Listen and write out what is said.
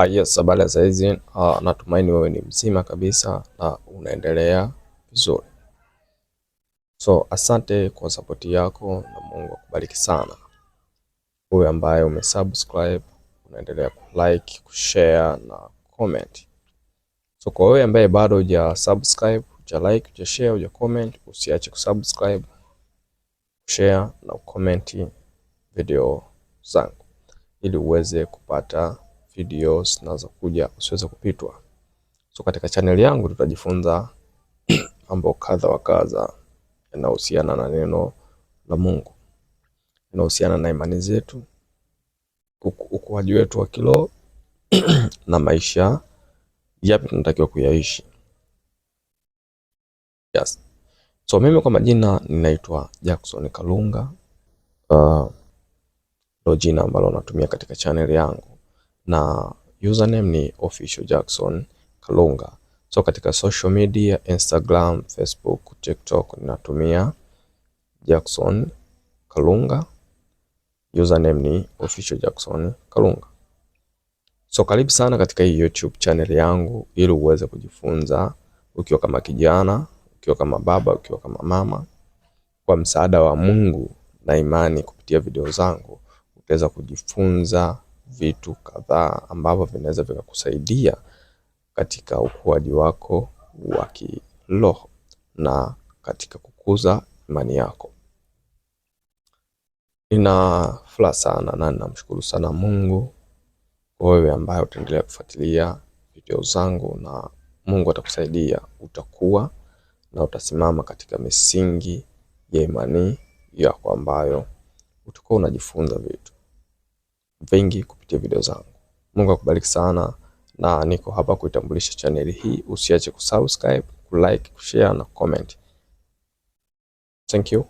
Ah, yes, habari ya saizi. Ah, natumaini wewe ni mzima kabisa na unaendelea vizuri. So asante kwa sapoti yako na Mungu akubariki sana. Wewe ambaye umesubscribe, unaendelea kulike, kushare na comment. So kwa wewe ambaye bado huja subscribe, huja like, huja share, huja comment, usiache kusubscribe, share na ukomenti video zangu ili uweze kupata video zinazokuja usiweze kupitwa. So katika channel yangu tutajifunza mambo kadha wa kadha yanahusiana na neno la Mungu, yanahusiana na imani zetu, ukuaji wetu wa kiroho na maisha yapi tunatakiwa kuyaishi. Yes. So mimi kwa majina ninaitwa Jackson Kalunga. Uh, ndo jina ambalo natumia katika channel yangu na username ni official Jackson Kalunga. So katika social media Instagram, Facebook, TikTok ninatumia Jackson Kalunga. Username ni official Jackson Kalunga. So karibu sana katika hii YouTube channel yangu ili uweze kujifunza ukiwa kama kijana, ukiwa kama baba, ukiwa kama mama, kwa msaada wa Mungu na imani kupitia video zangu utaweza kujifunza vitu kadhaa ambavyo vinaweza vikakusaidia katika ukuaji wako wa kiroho na katika kukuza imani yako. Nina furaha sana na ninamshukuru sana Mungu kwa wewe ambaye utaendelea kufuatilia video zangu, na Mungu atakusaidia, utakuwa na utasimama katika misingi ya imani yako ambayo utakuwa unajifunza vitu vingi kupitia video zangu. Mungu akubariki sana na niko hapa kuitambulisha chaneli hii. Usiache kusubscribe, kulike, kushare na comment. Thank you.